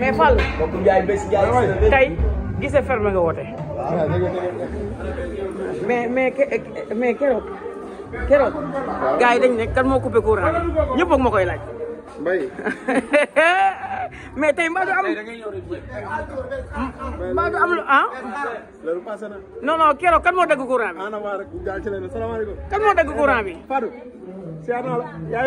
mais Fall. mbokku Ndiaye Bessie ferme nga woote. mais mais mais keroog keroog. waaw gars yi dañ ne kan moo courant bi ñëpp ak ma koy laaj. mais tey mbaa du am. mbaa am lu ah. loolu keroog kan moo dagg courant bi. ana waa na salaamaaleykum. kan moo dagg courant bi. Fadou. si ànd la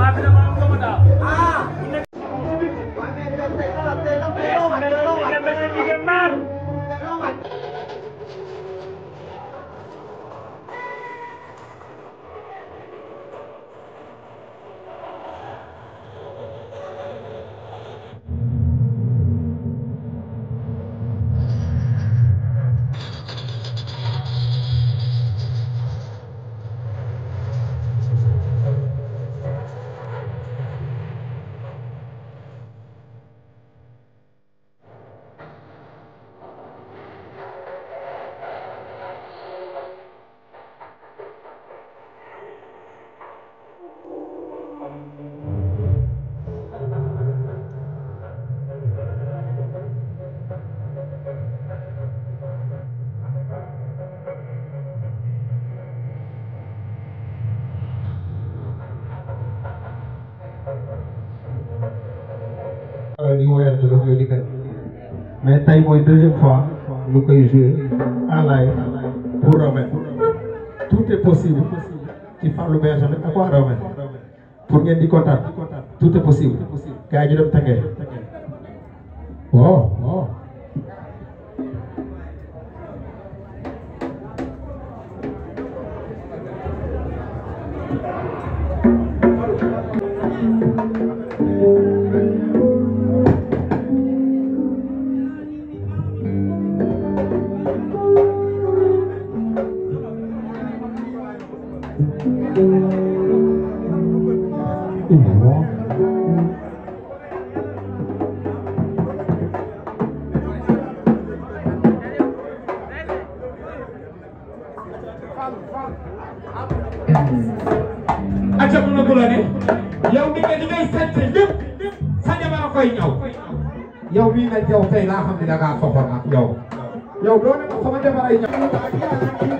Mafia da mão, como dá? Ah! anywhere to que really good. My time was doesn't far. Look at you, alive, poor homem. Tudo é possível. Te falo bem, agora, homem. Por ninguém de contar. Tudo é possível. Ganhe de tangue. Oh, oh. xam ne da ngaa soxor ak yow yow doo ne ma sama jabar ay ñaar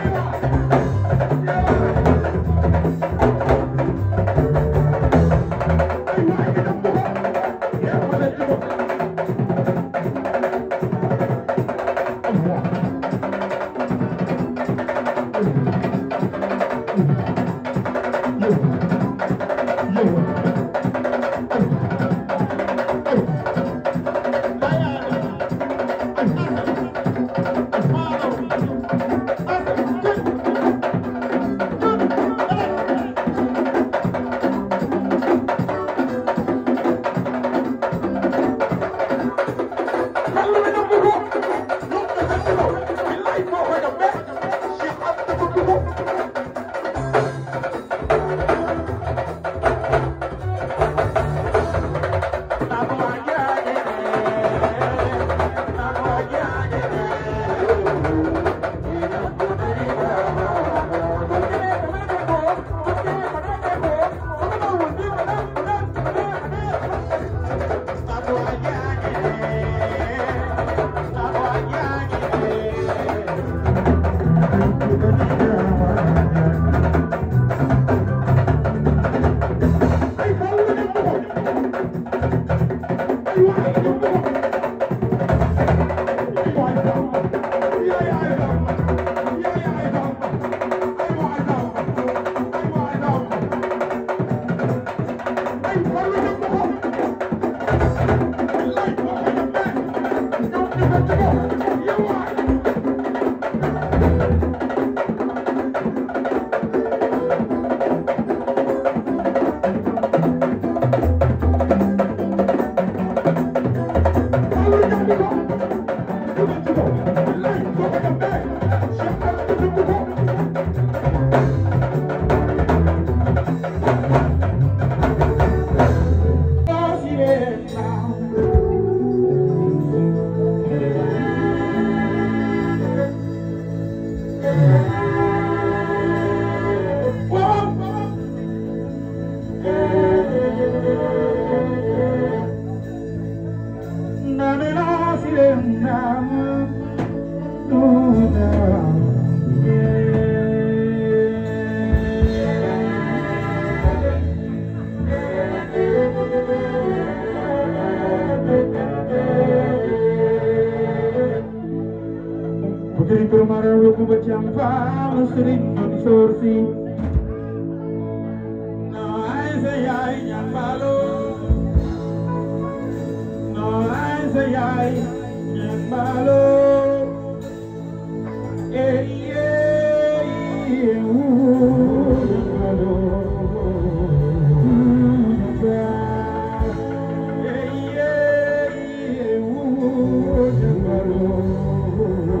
Sarah Kumacham Pala Srim Fun Sorsi. No, I say I can follow. No, I say I can follow. Eh, eh, eh, ooh, Oh,